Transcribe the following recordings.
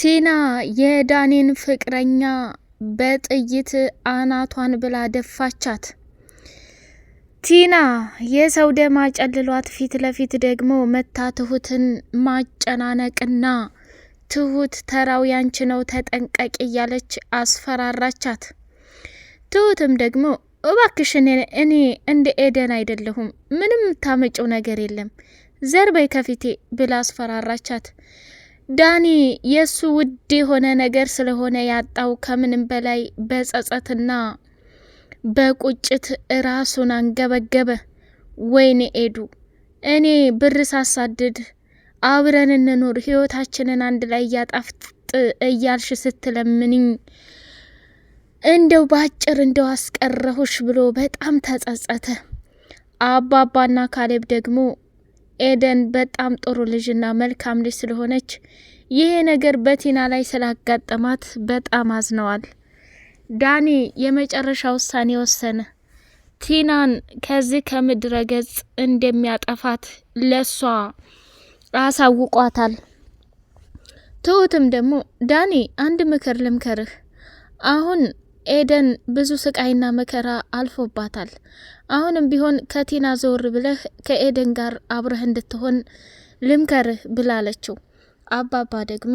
ቲና የዳኔን ፍቅረኛ በጥይት አናቷን ብላ ደፋቻት። ቲና የሰው ደም አጨልሏት ፊት ለፊት ደግሞ መታ ትሁትን ማጨናነቅና ትሁት ተራው ያንቺ ነው ተጠንቀቂ እያለች አስፈራራቻት። ትሁትም ደግሞ እባክሽን እኔ እንደ ኤደን አይደለሁም፣ ምንም የምታመጭው ነገር የለም፣ ዘርበይ ከፊቴ ብላ አስፈራራቻት። ዳኒ የእሱ ውድ የሆነ ነገር ስለሆነ ያጣው ከምንም በላይ በጸጸትና በቁጭት ራሱን አንገበገበ። ወይኔ ኤዱ፣ እኔ ብር ሳሳድድ አብረን እንኑር ህይወታችንን አንድ ላይ እያጣፍጥ እያልሽ ስትለምንኝ እንደው በአጭር እንደው አስቀረሁሽ ብሎ በጣም ተጸጸተ። አባባና ካሌብ ደግሞ ኤደን በጣም ጥሩ ልጅና መልካም ልጅ ስለሆነች ይሄ ነገር በቲና ላይ ስላጋጠማት በጣም አዝነዋል። ዳኒ የመጨረሻ ውሳኔ ወሰነ። ቲናን ከዚህ ከምድረ ገጽ እንደሚያጠፋት ለሷ አሳውቋታል። ትሁትም ደግሞ ዳኒ አንድ ምክር ልምከርህ አሁን ኤደን ብዙ ስቃይና መከራ አልፎባታል። አሁንም ቢሆን ከቲና ዘወር ብለህ ከኤደን ጋር አብረህ እንድትሆን ልምከርህ ብላለችው። አባባ ደግሞ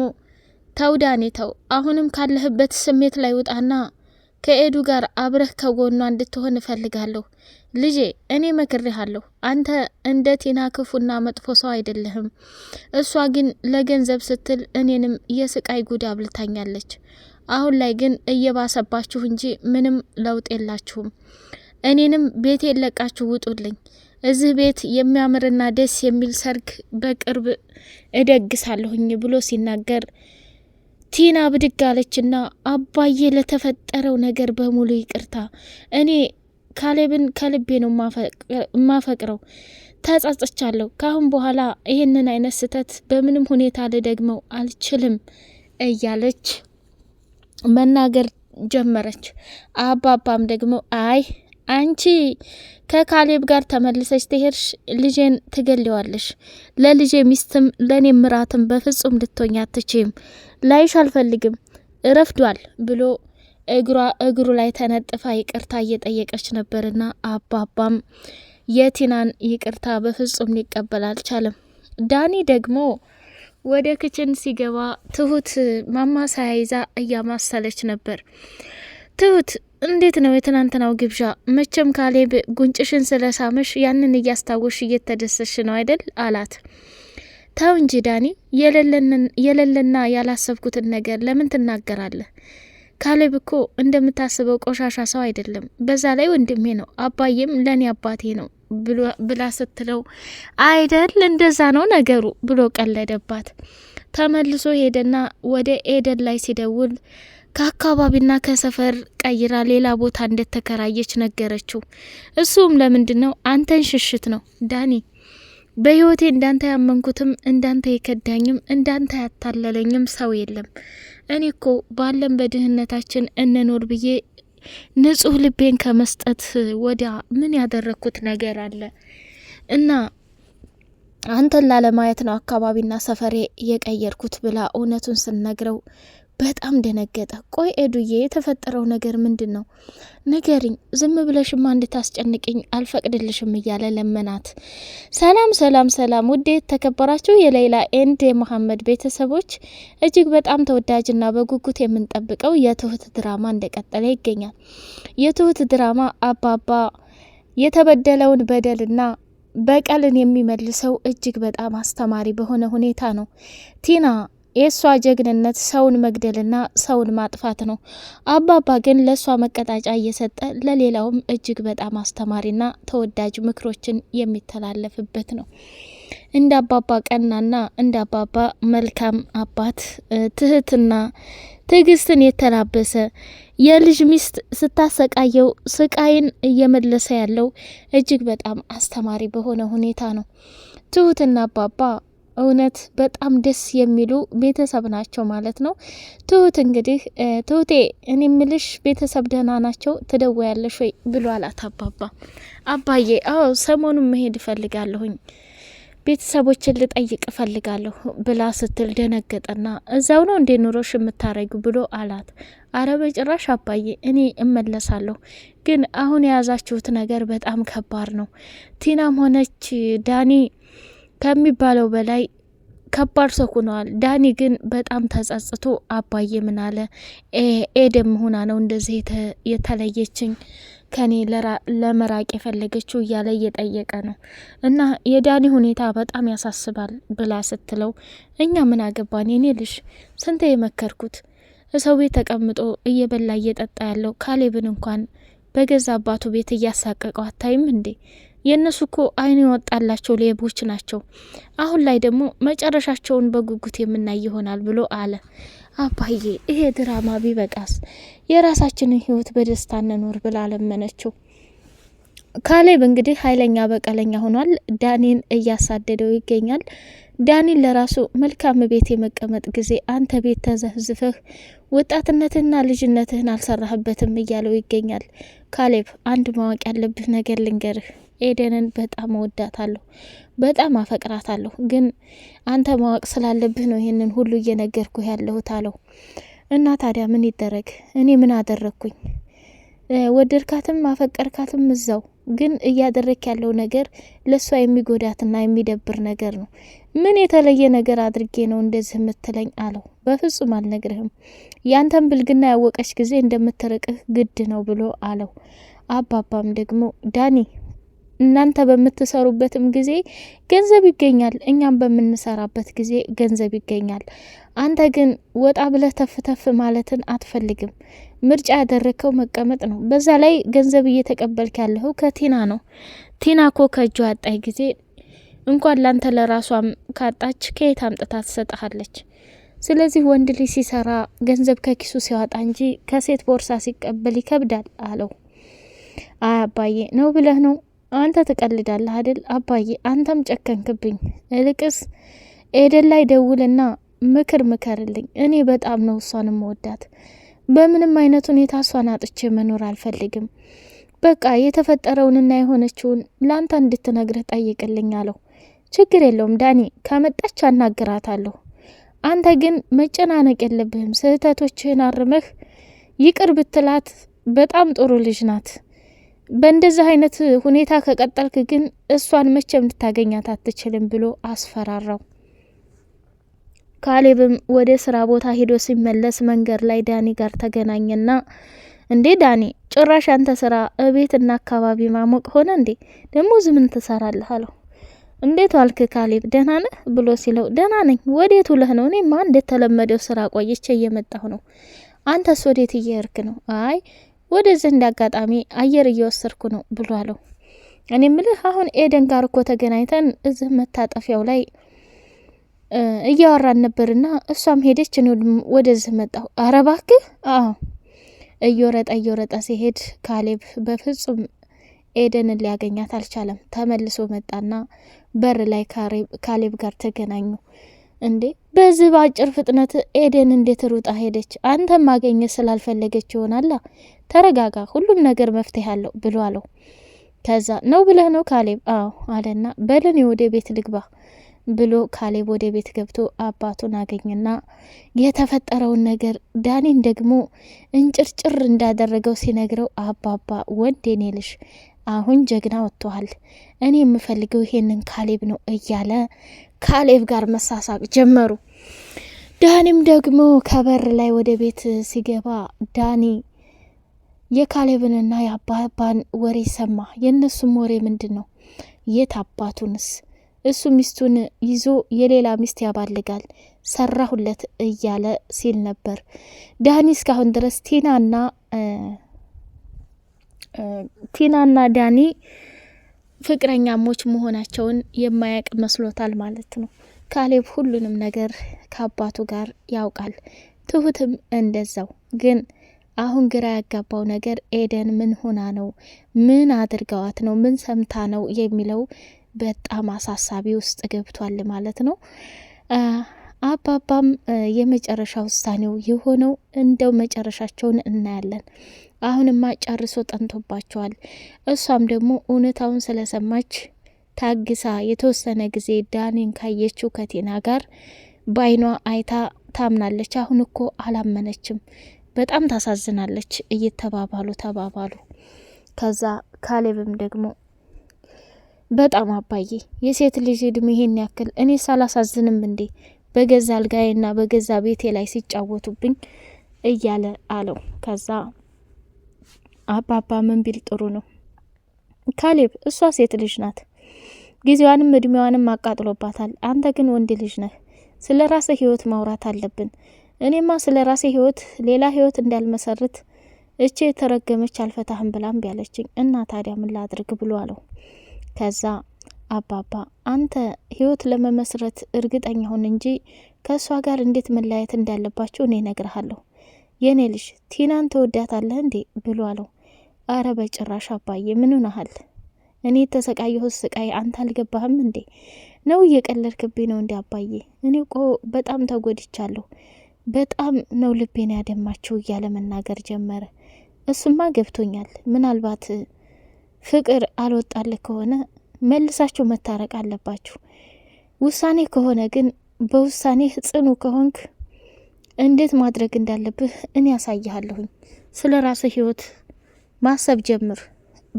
ተው ዳኔ ተው፣ አሁንም ካለህበት ስሜት ላይ ውጣና ከኤዱ ጋር አብረህ ከጎኗ እንድትሆን እፈልጋለሁ። ልጄ እኔ መክሬሃለሁ። አንተ እንደ ቲና ክፉና መጥፎ ሰው አይደለህም። እሷ ግን ለገንዘብ ስትል እኔንም የስቃይ ጉድ አብልታኛለች። አሁን ላይ ግን እየባሰባችሁ እንጂ ምንም ለውጥ የላችሁም። እኔንም ቤት የለቃችሁ ውጡልኝ። እዚህ ቤት የሚያምርና ደስ የሚል ሰርግ በቅርብ እደግሳለሁኝ ብሎ ሲናገር ቲና ብድግ አለችና አባዬ ለተፈጠረው ነገር በሙሉ ይቅርታ። እኔ ካሌብን ከልቤ ነው የማፈቅረው። ተጸጽቻለሁ። ካሁን በኋላ ይህንን አይነት ስህተት በምንም ሁኔታ ልደግመው አልችልም እያለች መናገር ጀመረች። አባባም ደግሞ አይ አንቺ ከካሌብ ጋር ተመልሰች ትሄድሽ ልጄን ትገሊዋለሽ። ለልጄ ሚስትም ለእኔ ምራትም በፍጹም ልትሆኝ አትችም። ላይሽ አልፈልግም፣ እረፍዷል ብሎ እግሯ እግሩ ላይ ተነጥፋ ይቅርታ እየጠየቀች ነበርና አባባም የቲናን ይቅርታ በፍጹም ሊቀበል አልቻለም። ዳኒ ደግሞ ወደ ክችን ሲገባ ትሁት ማማ ሳያይዛ እያማሰለች ነበር። ትሁት እንዴት ነው የትናንትናው ግብዣ? መቼም ካሌብ ጉንጭሽን ስለሳመሽ ያንን እያስታወሽ እየተደሰሽ ነው አይደል? አላት። ተው እንጂ ዳኒ፣ የሌለና ያላሰብኩትን ነገር ለምን ትናገራለህ? ካሌብ እኮ እንደምታስበው ቆሻሻ ሰው አይደለም። በዛ ላይ ወንድሜ ነው፣ አባዬም ለእኔ አባቴ ነው ብላ ስትለው አይደል እንደዛ ነው ነገሩ ብሎ ቀለደባት። ተመልሶ ሄደና ወደ ኤደን ላይ ሲደውል ከአካባቢና ከሰፈር ቀይራ ሌላ ቦታ እንደተከራየች ነገረችው። እሱም ለምንድን ነው አንተን ሽሽት ነው ዳኒ በህይወቴ እንዳንተ ያመንኩትም እንዳንተ የከዳኝም እንዳንተ ያታለለኝም ሰው የለም። እኔ እኮ ባለን በድህነታችን እንኖር ብዬ ንጹህ ልቤን ከመስጠት ወዲያ ምን ያደረግኩት ነገር አለ? እና አንተን ላለማየት ነው አካባቢና ሰፈሬ የቀየርኩት ብላ እውነቱን ስነግረው በጣም ደነገጠ። ቆይ ኤዱዬ የተፈጠረው ነገር ምንድን ነው? ንገሪኝ፣ ዝም ብለሽማ እንድታስጨንቅኝ አልፈቅድልሽም እያለ ለመናት። ሰላም ሰላም ሰላም! ውዴ የተከበራችሁ የሌላ ኤንድ የመሐመድ ቤተሰቦች እጅግ በጣም ተወዳጅና በጉጉት የምንጠብቀው የትሁት ድራማ እንደቀጠለ ይገኛል። የትሁት ድራማ አባባ የተበደለውን በደልና በቀልን የሚመልሰው እጅግ በጣም አስተማሪ በሆነ ሁኔታ ነው ቲና የእሷ ጀግንነት ሰውን መግደልና ሰውን ማጥፋት ነው። አባባ ግን ለእሷ መቀጣጫ እየሰጠ ለሌላውም እጅግ በጣም አስተማሪና ተወዳጅ ምክሮችን የሚተላለፍበት ነው። እንደ አባባ ቀናና እንደ አባባ መልካም አባት ትህትና ትዕግስትን የተላበሰ የልጅ ሚስት ስታሰቃየው ስቃይን እየመለሰ ያለው እጅግ በጣም አስተማሪ በሆነ ሁኔታ ነው። ትሁትና አባባ እውነት በጣም ደስ የሚሉ ቤተሰብ ናቸው ማለት ነው። ትሁት እንግዲህ ትሁቴ እኔ ምልሽ ቤተሰብ ደህና ናቸው ያለሽ ወይ ብሎ አላት አባባ። አባዬ አዎ ሰሞኑን መሄድ እፈልጋለሁኝ ቤተሰቦችን ልጠይቅ እፈልጋለሁ ብላ ስትል ደነገጠና እዛው ነው እንዴ ኑሮሽ የምታረጊው ብሎ አላት። አረ በጭራሽ አባዬ እኔ እመለሳለሁ፣ ግን አሁን የያዛችሁት ነገር በጣም ከባድ ነው። ቲናም ሆነች ዳኒ ከሚባለው በላይ ከባድ ሰው ሆነዋል። ዳኒ ግን በጣም ተጸጽቶ አባዬ ምን አለ ኤደም መሆና ነው እንደዚህ የተለየችኝ ከኔ ለመራቅ የፈለገችው እያለ እየጠየቀ ነው። እና የዳኒ ሁኔታ በጣም ያሳስባል ብላ ስትለው እኛ ምን አገባን የኔ ልሽ ስንተ የመከርኩት ሰው ቤት ተቀምጦ እየበላ እየጠጣ ያለው ካሌብን እንኳን በገዛ አባቱ ቤት እያሳቀቀው አታይም እንዴ? የእነሱ እኮ አይን የወጣላቸው ሌቦች ናቸው። አሁን ላይ ደግሞ መጨረሻቸውን በጉጉት የምናይ ይሆናል ብሎ አለ። አባዬ ይሄ ድራማ ቢበቃስ፣ የራሳችንን ህይወት በደስታ እንኖር ብላ ለመነችው። ካሌብ እንግዲህ ኃይለኛ በቀለኛ ሆኗል። ዳኒን እያሳደደው ይገኛል። ዳኒን ለራሱ መልካም ቤት የመቀመጥ ጊዜ አንተ ቤት ተዘፍዝፈህ ወጣትነትህና ልጅነትህን አልሰራህበትም እያለው ይገኛል። ካሌብ አንድ ማወቅ ያለብህ ነገር ልንገርህ ኤደንን በጣም እወዳታለሁ፣ በጣም አፈቅራታለሁ። ግን አንተ ማወቅ ስላለብህ ነው ይህንን ሁሉ እየነገርኩ ያለሁት አለው። እና ታዲያ ምን ይደረግ? እኔ ምን አደረግኩኝ? ወደድካትም አፈቀርካትም እዛው። ግን እያደረክ ያለው ነገር ለእሷ የሚጎዳትና የሚደብር ነገር ነው። ምን የተለየ ነገር አድርጌ ነው እንደዚህ የምትለኝ አለው። በፍጹም አልነግርህም። ያንተን ብልግና ያወቀች ጊዜ እንደምትርቅህ ግድ ነው ብሎ አለው። አባባም ደግሞ ዳኒ እናንተ በምትሰሩበትም ጊዜ ገንዘብ ይገኛል፣ እኛም በምንሰራበት ጊዜ ገንዘብ ይገኛል። አንተ ግን ወጣ ብለህ ተፍተፍ ማለትን አትፈልግም። ምርጫ ያደረግከው መቀመጥ ነው። በዛ ላይ ገንዘብ እየተቀበልክ ያለኸው ከቲና ነው። ቲና ኮ ከእጇ አጣይ ጊዜ እንኳን ላንተ ለራሷም ካጣች ከየት አምጥታ ትሰጥሃለች? ስለዚህ ወንድ ልጅ ሲሰራ ገንዘብ ከኪሱ ሲያወጣ እንጂ ከሴት ቦርሳ ሲቀበል ይከብዳል አለው። አይ አባዬ ነው ብለህ ነው አንተ ትቀልዳለህ አይደል አባዬ? አንተም ጨከንክብኝ። እልቅስ ኤደን ላይ ደውልና ምክር ምከርልኝ። እኔ በጣም ነው እሷን መወዳት። በምንም አይነት ሁኔታ እሷን አጥቼ መኖር አልፈልግም። በቃ የተፈጠረውንና የሆነችውን ለአንተ እንድትነግርህ ጠይቅልኝ አለው። ችግር የለውም ዳኒ፣ ከመጣች አናግራታለሁ። አንተ ግን መጨናነቅ የለብህም። ስህተቶችህን አርመህ ይቅር ብትላት በጣም ጥሩ ልጅ ናት። በእንደዚህ አይነት ሁኔታ ከቀጠልክ ግን እሷን መቼም ልታገኛት አትችልም ብሎ አስፈራራው። ካሌብም ወደ ስራ ቦታ ሄዶ ሲመለስ መንገድ ላይ ዳኒ ጋር ተገናኘና እንዴ ዳኒ፣ ጭራሽ አንተ ስራ እቤትና አካባቢ ማሞቅ ሆነ እንዴ? ደግሞ ዝምን ትሰራለህ አለው። እንዴት ዋልክ ካሌብ ደህና ነህ ብሎ ሲለው ደህና ነኝ፣ ወዴት ውለህ ነው? እኔማ እንደተለመደው ስራ ቆይቼ እየመጣሁ ነው። አንተስ ወዴት እየሄድክ ነው? አይ ወደዚህ እንደ አጋጣሚ አየር እየወሰድኩ ነው ብሎ አለው። እኔ ምልህ አሁን ኤደን ጋር እኮ ተገናኝተን እዚህ መታጠፊያው ላይ እያወራን ነበርና እሷም ሄደች፣ እኔ ወደዚህ መጣሁ። አረ እባክህ! አዎ እየወረጠ እየወረጠ ሲሄድ ካሌብ በፍጹም ኤደንን ሊያገኛት አልቻለም። ተመልሶ መጣና በር ላይ ካሌብ ጋር ተገናኙ። እንዴ በዚህ በአጭር ፍጥነት ኤደን እንዴት ሩጣ ሄደች? አንተም ማገኘት ስላልፈለገች ይሆናላ። ተረጋጋ፣ ሁሉም ነገር መፍትሄ አለው ብሎ አለው። ከዛ ነው ብለህ ነው ካሌብ? አዎ አለና በለን ወደ ቤት ልግባ ብሎ ካሌብ ወደ ቤት ገብቶ አባቱን አገኝና የተፈጠረውን ነገር ዳኒን ደግሞ እንጭርጭር እንዳደረገው ሲነግረው አባባ ኔ ልሽ አሁን ጀግና ወጥተዋል። እኔ የምፈልገው ይሄንን ካሌብ ነው እያለ ከአሌብ ጋር መሳሳቅ ጀመሩ። ዳኒም ደግሞ ከበር ላይ ወደ ቤት ሲገባ ዳኒ የካሌብንና የአባባን ወሬ ሰማ። የእነሱም ወሬ ምንድን ነው? የት አባቱንስ እሱ ሚስቱን ይዞ የሌላ ሚስት ያባልጋል ሰራሁለት እያለ ሲል ነበር ዳኒ። እስካሁን ድረስ ቲናና ቲናና ዳኒ ፍቅረኛሞች መሆናቸውን የማያውቅ መስሎታል ማለት ነው። ካሌብ ሁሉንም ነገር ከአባቱ ጋር ያውቃል። ትሁትም እንደዛው። ግን አሁን ግራ ያጋባው ነገር ኤደን ምን ሆና ነው፣ ምን አድርገዋት ነው፣ ምን ሰምታ ነው የሚለው በጣም አሳሳቢ ውስጥ ገብቷል ማለት ነው። አባባም የመጨረሻ ውሳኔው የሆነው እንደው መጨረሻቸውን እናያለን። አሁንማ ጨርሶ ጠንቶባቸዋል። እሷም ደግሞ እውነታውን ስለሰማች ታግሳ የተወሰነ ጊዜ ዳኒን ካየችው ከቴና ጋር ባይኗ አይታ ታምናለች። አሁን እኮ አላመነችም። በጣም ታሳዝናለች። እየተባባሉ ተባባሉ። ከዛ ካሌብም ደግሞ በጣም አባዬ፣ የሴት ልጅ እድሜ ይሄን ያክል እኔ ሳላሳዝንም እንዴ በገዛ አልጋዬና በገዛ ቤቴ ላይ ሲጫወቱብኝ እያለ አለው። ከዛ አባባ ምን ቢል ጥሩ ነው? ካሌብ እሷ ሴት ልጅ ናት፣ ጊዜዋንም እድሜዋንም አቃጥሎባታል። አንተ ግን ወንድ ልጅ ነህ። ስለ ራሴ ህይወት ማውራት አለብን። እኔማ ስለ ራሴ ህይወት ሌላ ህይወት እንዳልመሰርት እቼ የተረገመች አልፈታህም ብላም ቢያለችኝ እና ታዲያ ምን ላድርግ ብሎ አለው። ከዛ አባባ አንተ ህይወት ለመመስረት እርግጠኛ ሁን እንጂ ከእሷ ጋር እንዴት መለያየት እንዳለባችሁ እኔ ነግርሃለሁ። የእኔ ልጅ ቲናን ተወዳታለህ እንዴ ብሎ አለው። አረ በጭራሽ አባዬ ምን ሆነሃል? እኔ የተሰቃየሁት ስቃይ አንተ አልገባህም እንዴ? ነው እየቀለድክብኝ ነው እንዴ? አባዬ እኔ እኮ በጣም ተጎድቻለሁ፣ በጣም ነው ልቤን ያደማችው እያለ መናገር ጀመረ። እሱማ ገብቶኛል። ምናልባት ፍቅር አልወጣልህ ከሆነ መልሳችሁ መታረቅ አለባችሁ። ውሳኔ ከሆነ ግን በውሳኔ ጽኑ ከሆንክ እንዴት ማድረግ እንዳለብህ እኔ ያሳይሃለሁኝ። ስለ ራስህ ህይወት ማሰብ ጀምር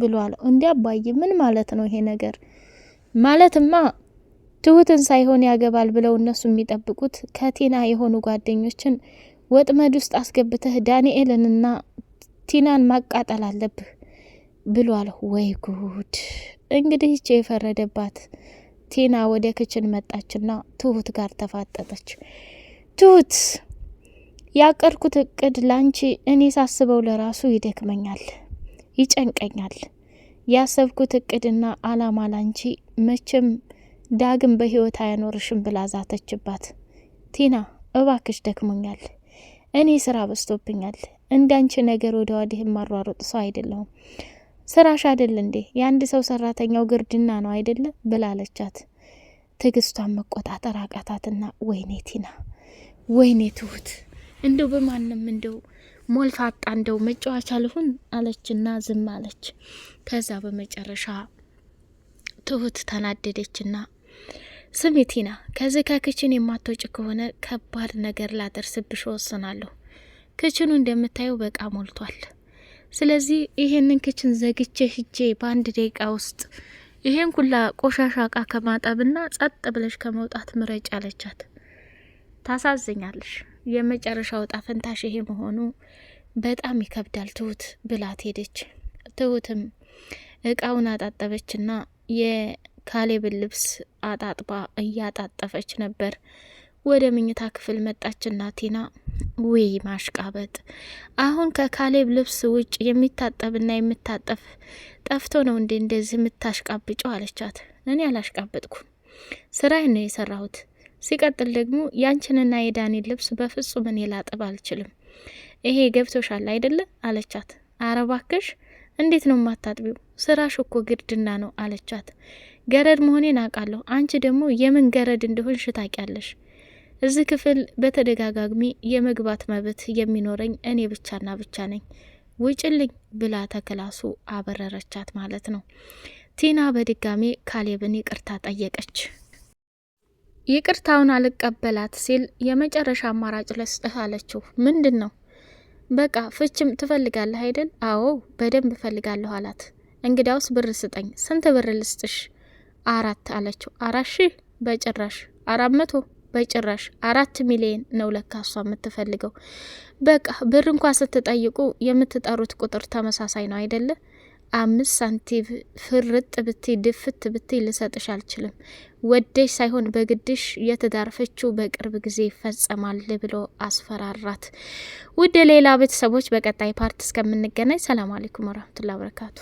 ብሎ አለው። እንዲ ምን ማለት ነው ይሄ ነገር? ማለትማ ትሁትን ሳይሆን ያገባል ብለው እነሱ የሚጠብቁት ከቲና የሆኑ ጓደኞችን ወጥመድ ውስጥ አስገብተህ ዳንኤልንና ቲናን ማቃጠል አለብህ ብሎ አለው። ወይ ጉድ! እንግዲህ ይቺ የፈረደባት ቲና ወደ ክችን መጣችና ትሁት ጋር ተፋጠጠች። ትሁት ያቀድኩት እቅድ ላንቺ እኔ ሳስበው ለራሱ ይደክመኛል ይጨንቀኛል። ያሰብኩት እቅድና አላማ ላንቺ መቼም ዳግም በህይወት አያኖርሽም ብላ ዛተችባት። ቲና እባክሽ ደክሞኛል፣ እኔ ስራ በዝቶብኛል። እንዳንቺ ነገር ወደ ወዲህ ማሯሮጥ ሰው አይደለሁም። ስራሽ አይደል እንዴ? የአንድ ሰው ሰራተኛው ግርድና ነው አይደለም ብላለቻት። ትግስቷን መቆጣጠር አቃታትና ወይኔ ቲና፣ ወይኔ ትሁት እንደው በማንም እንደው ሞልፋጣ እንደው መጫወቻ ልሁን አለችና ዝም አለች። ከዛ በመጨረሻ ትሁት ተናደደችና ስሚ ቲና፣ ከዚህ ከክችን የማትወጭ ከሆነ ከባድ ነገር ላደርስብሽ ወስናለሁ። ክችኑ እንደምታየው በቃ ሞልቷል። ስለዚህ ይሄንን ክችን ዘግቼ ሂጄ በአንድ ደቂቃ ውስጥ ይሄን ኩላ ቆሻሻ እቃ ከማጠብና ጸጥ ብለሽ ከመውጣት ምረጭ አለቻት። ታሳዝኛለሽ። የመጨረሻው ዕጣ ፈንታሽ ይሄ መሆኑ በጣም ይከብዳል ትሁት ብላት ሄደች። ትሁትም እቃውን አጣጠበችና የካሌብን ልብስ አጣጥባ እያጣጠፈች ነበር። ወደ ምኝታ ክፍል መጣችና ቲና ውይ ማሽቃበጥ! አሁን ከካሌብ ልብስ ውጭ የሚታጠብና የምታጠፍ ጠፍቶ ነው እንዴ እንደዚህ የምታሽቃብጨው? አለቻት። እኔ አላሽቃበጥኩም፣ ስራዬን ነው የሰራሁት ሲቀጥል ደግሞ ያንችንና የዳኔን ልብስ በፍጹም እኔ ላጥብ አልችልም። ይሄ ገብቶሻል አይደለ? አለቻት። አረባክሽ እንዴት ነው ማታጥቢው? ስራሽ እኮ ግርድና ነው አለቻት። ገረድ መሆኔን አውቃለሁ። አንቺ ደግሞ የምን ገረድ እንደሆን ሽታቂያለሽ። እዚህ ክፍል በተደጋጋሚ የመግባት መብት የሚኖረኝ እኔ ብቻና ብቻ ነኝ። ውጭልኝ ብላ ተክላሱ አበረረቻት ማለት ነው። ቲና በድጋሜ ካሌብን ይቅርታ ጠየቀች። ይቅርታውን አልቀበላት ሲል የመጨረሻ አማራጭ ልስጥህ አለችው። ምንድን ነው? በቃ ፍችም ትፈልጋለህ አይደል? አዎ በደንብ እፈልጋለሁ አላት። እንግዳውስ ብር ስጠኝ። ስንት ብር ልስጥሽ? አራት አለችው። አራት ሺህ በጭራሽ። አራት መቶ በጭራሽ። አራት ሚሊየን ነው ለካ እሷ የምትፈልገው። በቃ ብር እንኳ ስትጠይቁ የምትጠሩት ቁጥር ተመሳሳይ ነው አይደለ? አምስት ሳንቲም ፍርጥ ብቴ ድፍት ብቴ ልሰጥሽ አልችልም። ወደሽ ሳይሆን በግድሽ የትዳር በቅርብ ጊዜ ይፈጸማል ብሎ አስፈራራት። ውድ ሌላ ቤተሰቦች በቀጣይ ፓርት እስከምንገናኝ ሰላም አሌኩም ወረህመቱላሂ ወበረካቱ።